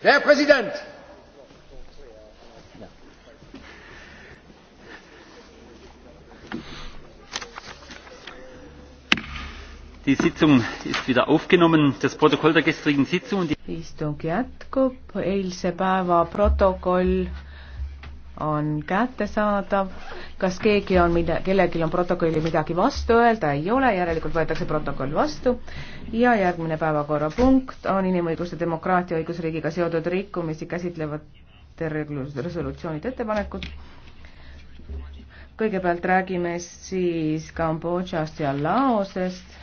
Herr Präsident! Die Sitzung ist wieder aufgenommen. Das Protokoll der gestrigen Sitzung. Istung jätkub. Eilse päeva protokoll on kättesaadav kas keegi on mida, kellelgi on protokolli midagi vastu öelda, ei ole, järelikult võetakse protokoll vastu ja järgmine päevakorrapunkt on inimõiguste, demokraatia, õigusriigiga seotud rikkumisi käsitlevate resolutsioonide ettepanekud. kõigepealt räägime siis Kambodžast ja Laosest